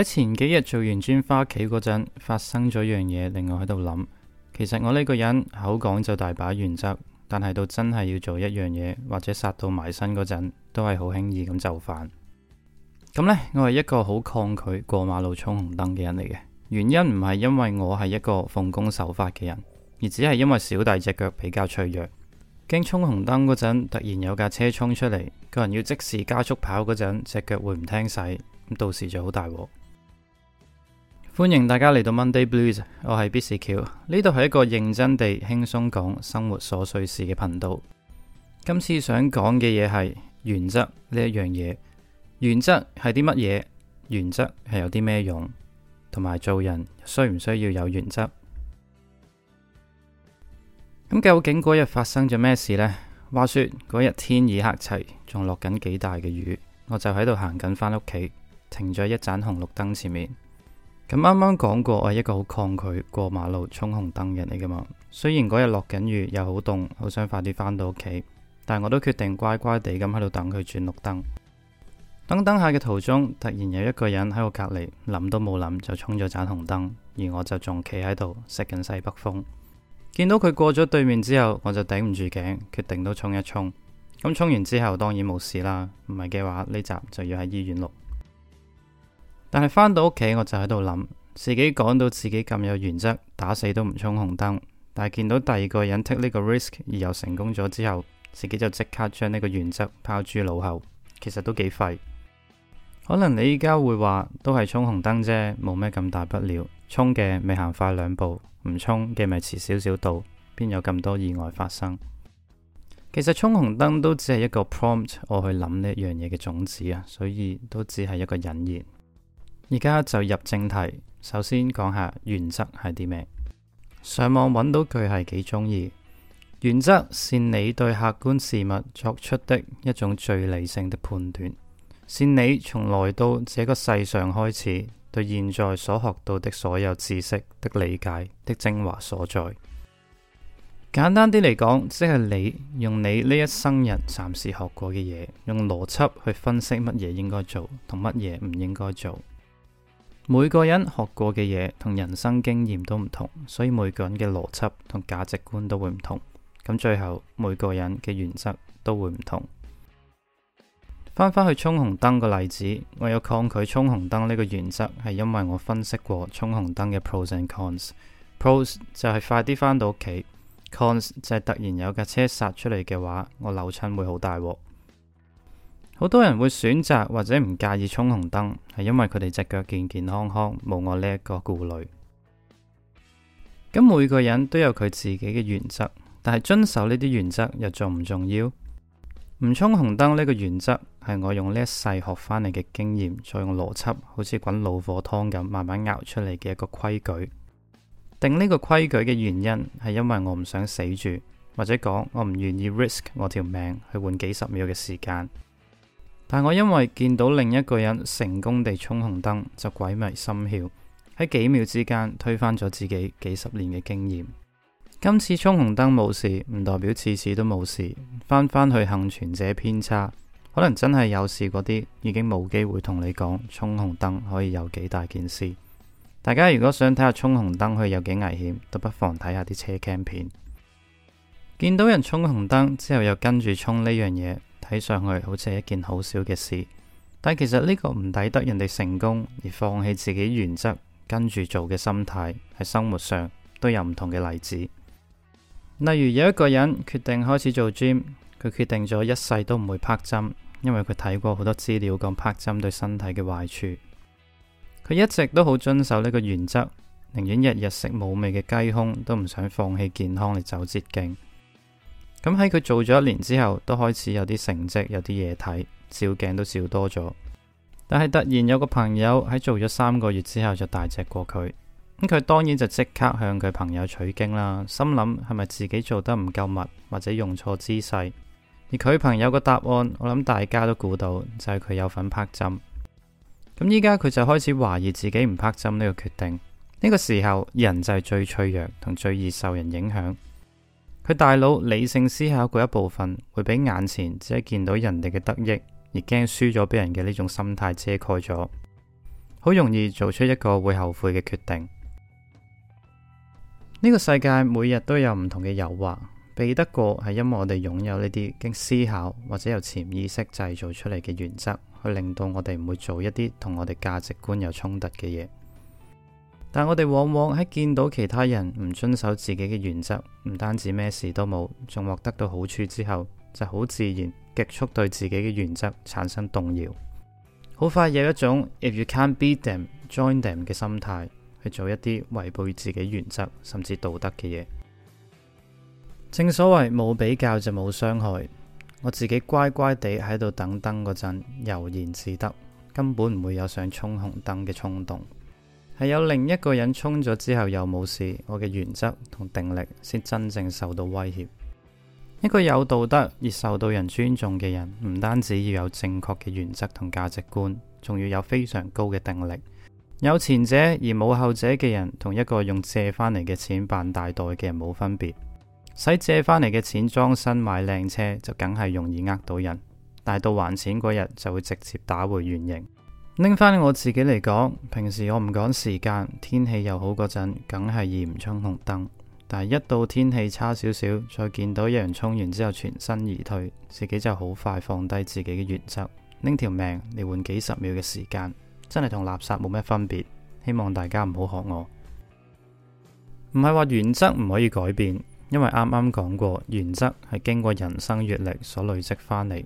喺前幾日做完磚花企嗰陣，發生咗一樣嘢，令我喺度諗。其實我呢個人口講就大把原則，但係到真係要做一樣嘢或者殺到埋身嗰陣，都係好輕易咁就範。咁呢，我係一個好抗拒過馬路衝紅燈嘅人嚟嘅。原因唔係因為我係一個奉公守法嘅人，而只係因為小弟隻腳比較脆弱，驚衝紅燈嗰陣突然有架車衝出嚟，個人要即時加速跑嗰陣，隻腳會唔聽使咁，到時就好大鑊。歡迎大家嚟到 Monday Blues，我係 Bisikoo，呢度係一個認真地輕鬆講生活瑣碎事嘅頻道。今次想講嘅嘢係原則呢一樣嘢，原則係啲乜嘢？原則係有啲咩用？同埋做人需唔需要有原則？咁究竟嗰日發生咗咩事呢？話說嗰日天已黑齊，仲落緊幾大嘅雨，我就喺度行緊返屋企，停咗一盞紅綠燈前面。咁啱啱講過我係一個好抗拒過馬路衝紅燈人嚟噶嘛雖然嗰日落緊雨又好凍，好想快啲返到屋企，但我都決定乖乖地咁喺度等佢轉綠燈。等等下嘅途中，突然有一個人喺我隔籬，諗都冇諗就衝咗盞紅燈，而我就仲企喺度食緊西北風。見到佢過咗對面之後，我就頂唔住頸，決定都衝一衝。咁衝完之後當然冇事啦，唔係嘅話呢集就要喺醫院錄。但係返到屋企，我就喺度諗自己講到自己咁有原則，打死都唔衝紅燈。但係見到第二個人 take 呢個 risk 而又成功咗之後，自己就即刻將呢個原則拋諸腦後，其實都幾廢。可能你依家會話都係衝紅燈啫，冇咩咁大不了，衝嘅咪行快兩步，唔衝嘅咪遲少少到，邊有咁多意外發生？其實衝紅燈都只係一個 prompt 我去諗呢樣嘢嘅種子啊，所以都只係一個引言。而家就入正題，首先講下原則係啲咩。上網揾到句係幾中意，原則是你對客觀事物作出的一種最理性的判斷，是你從來到這個世上開始對現在所學到的所有知識的理解的精華所在。簡單啲嚟講即係你用你呢一生人暫時學過嘅嘢用邏輯去分析乜嘢應該做同乜嘢唔應該做。每個人學過嘅嘢同人生經驗都唔同，所以每個人嘅邏輯同價值觀都會唔同。咁最後每個人嘅原則都會唔同。返返去衝紅燈個例子，我有抗拒衝紅燈呢個原則，係因為我分析過衝紅燈嘅 pros and cons。pros 就係快啲返到屋企，cons 就係突然有架車殺出嚟嘅話，我扭親會好大鑊。好多人會選擇或者唔介意衝紅燈，係因為佢哋隻腳健健康康，冇我呢一個顧慮。咁每個人都有佢自己嘅原則，但係遵守呢啲原則又重唔重要？唔衝紅燈呢個原則，係我用呢一世學翻嚟嘅經驗，再用邏輯，好似滾老火湯咁慢慢熬出嚟嘅一個規矩。定呢個規矩嘅原因，係因為我唔想死住，或者講我唔願意 risk 我條命去換幾十秒嘅時間。但我因為見到另一個人成功地衝紅燈，就鬼迷心竅，喺幾秒之間推翻咗自己幾十年嘅經驗。今次衝紅燈冇事，唔代表次次都冇事。翻返去幸存者偏差，可能真係有事嗰啲已經冇機會同你講衝紅燈可以有幾大件事。大家如果想睇下衝紅燈可以有幾危險，都不妨睇下啲車 cam 片。見到人衝紅燈之後又跟住衝呢樣嘢。睇上去好似係一件好小嘅事，但其實呢個唔抵得人哋成功而放棄自己原則跟住做嘅心態，喺生活上都有唔同嘅例子。例如有一個人決定開始做 gym，佢決定咗一世都唔會拍針，因為佢睇過好多資料講拍針對身體嘅壞處，佢一直都好遵守呢個原則，寧願日日食冇味嘅雞胸，都唔想放棄健康嚟走捷徑。咁喺佢做咗一年之後，都開始有啲成績，有啲嘢睇，照鏡都照多咗。但係突然有個朋友喺做咗三個月之後就大隻過佢，咁佢當然就即刻向佢朋友取經啦，心諗係咪自己做得唔夠密，或者用錯姿勢？而佢朋友個答案，我諗大家都估到，就係佢有份拍針。咁依家佢就開始懷疑自己唔拍針呢個決定。呢個時候人就係最脆弱同最易受人影響。佢大腦理性思考嗰一部分，會俾眼前只係見到人哋嘅得益，而驚輸咗俾人嘅呢種心態遮蓋咗，好容易做出一個會後悔嘅決定。呢 個世界每日都有唔同嘅誘惑，避得過係因為我哋擁有呢啲經思考或者由潛意識製造出嚟嘅原則，去令到我哋唔會做一啲同我哋價值觀有衝突嘅嘢。但我哋往往喺見到其他人唔遵守自己嘅原則，唔單止咩事都冇，仲獲得到好處之後，就好自然極速對自己嘅原則產生動搖，好快有一種 if you can't beat them join them 嘅心態去做一啲違背自己原則甚至道德嘅嘢。正所謂冇比較就冇傷害，我自己乖乖地喺度等燈嗰陣悠然自得，根本唔會有想衝紅燈嘅衝動。係有另一個人衝咗之後又冇事，我嘅原則同定力先真正受到威脅。一個有道德而受到人尊重嘅人，唔單止要有正確嘅原則同價值觀，仲要有非常高嘅定力。有前者而冇後者嘅人，同一個用借翻嚟嘅錢扮大袋嘅人冇分別。使借翻嚟嘅錢裝身買靚車，就梗係容易呃到人，但到還錢嗰日就會直接打回原形。拎翻我自己嚟講，平時我唔趕時間，天氣又好嗰陣，梗係嚴唔衝紅燈。但係一到天氣差少少，再見到有人衝完之後全身而退，自己就好快放低自己嘅原則，拎條命嚟換幾十秒嘅時間，真係同垃圾冇咩分別。希望大家唔好學我。唔係話原則唔可以改變，因為啱啱講過，原則係經過人生閱歷所累積翻嚟。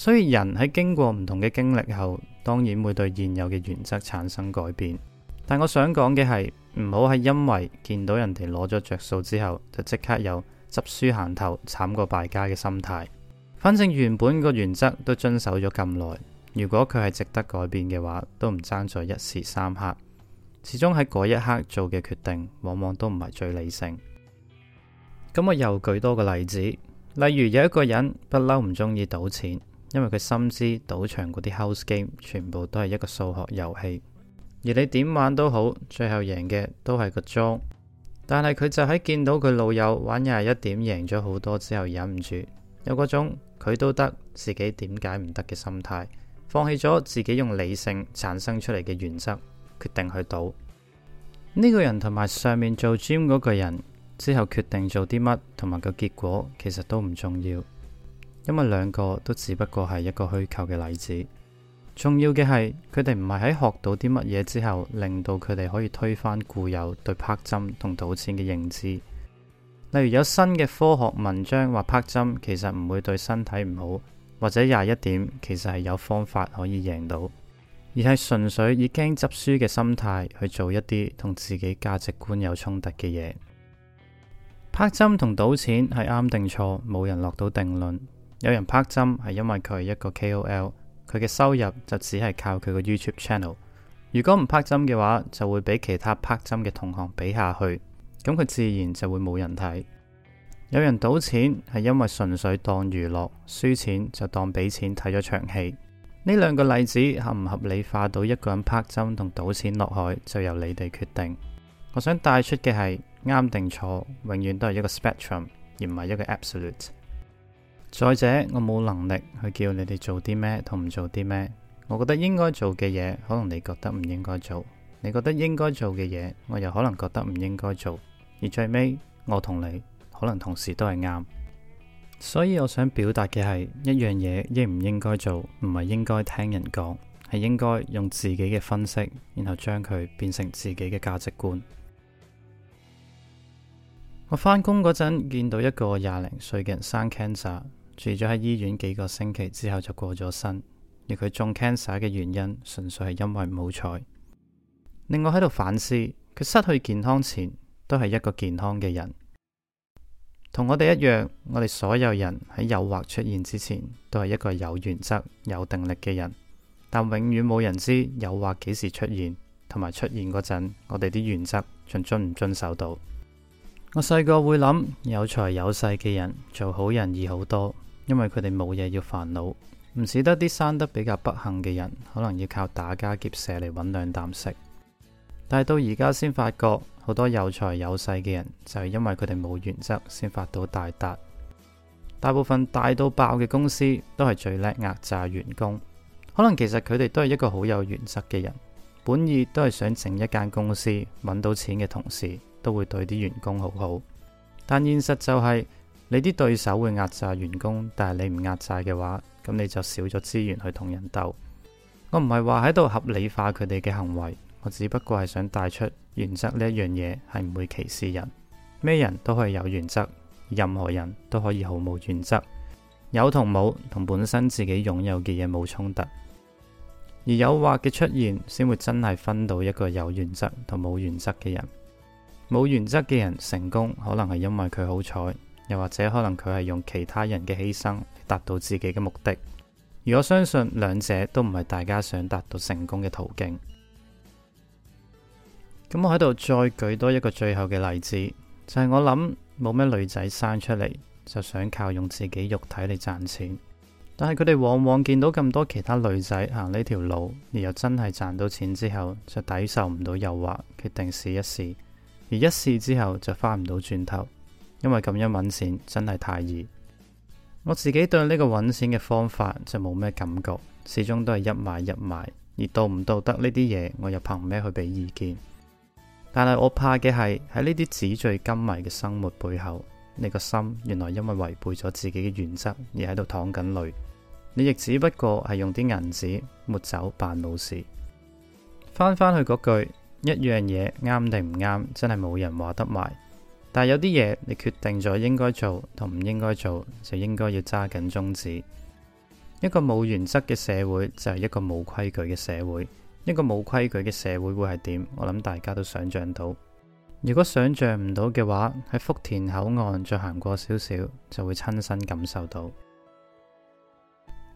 所以人喺經過唔同嘅經歷後，當然會對現有嘅原則產生改變。但我想講嘅係，唔好係因為見到人哋攞咗着數之後，就即刻有執輸行頭，慘過敗家嘅心態。反正原本個原則都遵守咗咁耐，如果佢係值得改變嘅話，都唔爭在一時三刻。始終喺嗰一刻做嘅決定，往往都唔係最理性。咁我又舉多個例子，例如有一個人一不嬲唔中意賭錢。因為佢深知賭場嗰啲 house game 全部都係一個數學遊戲，而你點玩都好，最後贏嘅都係個莊。但係佢就喺見到佢老友玩廿一點贏咗好多之後忍，忍唔住有嗰種佢都得，自己點解唔得嘅心態，放棄咗自己用理性產生出嚟嘅原則，決定去賭呢，這個人同埋上面做 gym 嗰個人之後決定做啲乜，同埋個結果其實都唔重要。因為兩個都只不過係一個虛構嘅例子，重要嘅係佢哋唔係喺學到啲乜嘢之後，令到佢哋可以推翻固有對拍針同賭錢嘅認知。例如有新嘅科學文章話拍針其實唔會對身體唔好，或者廿一點其實係有方法可以贏到，而係純粹以驚執輸嘅心態去做一啲同自己價值觀有衝突嘅嘢。拍針同賭錢係啱定錯，冇人落到定論。有人拍針係因為佢係一個 KOL，佢嘅收入就只係靠佢個 YouTube channel。如果唔拍針嘅話，就會俾其他拍針嘅同行比下去，咁佢自然就會冇人睇。有人賭錢係因為純粹當娛樂，輸錢就當俾錢睇咗場戲。呢兩個例子合唔合理化到一個人拍針同賭錢落海，就由你哋決定。我想帶出嘅係啱定錯，永遠都係一個 spectrum，而唔係一個 absolute。再者，我冇能力去叫你哋做啲咩同唔做啲咩。我覺得應該做嘅嘢，可能你覺得唔應該做；你覺得應該做嘅嘢，我又可能覺得唔應該做。而最尾，我同你可能同時都係啱。所以我想表達嘅係，一樣嘢應唔應該做，唔係應該聽人講，係應該用自己嘅分析，然後將佢變成自己嘅價值觀。我返工嗰陣見到一個廿零歲嘅人生 cancer。住咗喺醫院幾個星期之後就過咗身，而佢中 cancer 嘅原因純粹係因為唔好彩。另外，喺度反思，佢失去健康前都係一個健康嘅人，同我哋一樣。我哋所有人喺誘惑出現之前都係一個有原則、有定力嘅人，但永遠冇人知誘惑幾時出現，同埋出現嗰陣我哋啲原則仲遵唔遵守到。我細個會諗有財有勢嘅人做好人易好多。因為佢哋冇嘢要煩惱，唔似得啲生得比較不幸嘅人，可能要靠打家劫舍嚟搵兩啖食。但係到而家先發覺，好多有財有勢嘅人，就係因為佢哋冇原則，先發到大達。大部分大到爆嘅公司，都係最叻壓榨員工。可能其實佢哋都係一個好有原則嘅人，本意都係想整一間公司搵到錢嘅同時，都會對啲員工好好。但現實就係。你啲對手會壓榨員工，但係你唔壓榨嘅話，咁你就少咗資源去同人鬥。我唔係話喺度合理化佢哋嘅行為，我只不過係想帶出原則呢一樣嘢係唔會歧視人，咩人都可以有原則，任何人都可以毫無原則。有同冇同本身自己擁有嘅嘢冇衝突，而誘惑嘅出現先會真係分到一個有原則同冇原則嘅人。冇原則嘅人成功可能係因為佢好彩。又或者可能佢係用其他人嘅犧牲達到自己嘅目的，而我相信兩者都唔係大家想達到成功嘅途徑。咁我喺度再舉多一個最後嘅例子，就係我諗冇咩女仔生出嚟就想靠用自己肉體嚟賺錢，但係佢哋往往見到咁多其他女仔行呢條路，而又真係賺到錢之後就抵受唔到誘惑，決定試一試，而一試之後就翻唔到轉頭。因為咁樣搵錢真係太易，我自己對呢個搵錢嘅方法就冇咩感覺，始終都係一買一賣，而道唔道德呢啲嘢，我又憑咩去俾意見？但係我怕嘅係喺呢啲紙醉金迷嘅生活背後，你個心原來因為違背咗自己嘅原則而喺度淌緊淚，你亦只不過係用啲銀紙抹走扮冇事。翻返去嗰句，一樣嘢啱定唔啱，真係冇人話得埋。但有啲嘢你決定咗應該做同唔應該做，就應該要揸緊宗旨。一個冇原則嘅社會就係一個冇規矩嘅社會。一個冇規矩嘅社會會係點？我諗大家都想象到。如果想象唔到嘅話，喺福田口岸再行過少少，就會親身感受到。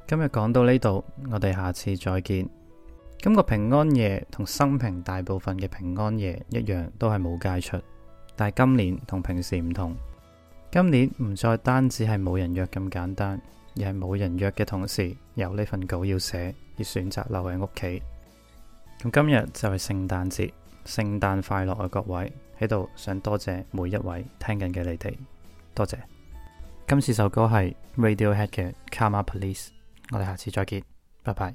今日講到呢度，我哋下次再見。今個平安夜同生平大部分嘅平安夜一樣都，都係冇街出。但今年同平時唔同，今年唔再單止係冇人約咁簡單，而係冇人約嘅同時有呢份稿要寫，而選擇留喺屋企。咁今日就係聖誕節，聖誕快樂啊！各位喺度想多謝每一位聽緊嘅你哋，多謝。今次首歌係 Radiohead 嘅《Karma Police》，我哋下次再見，拜拜。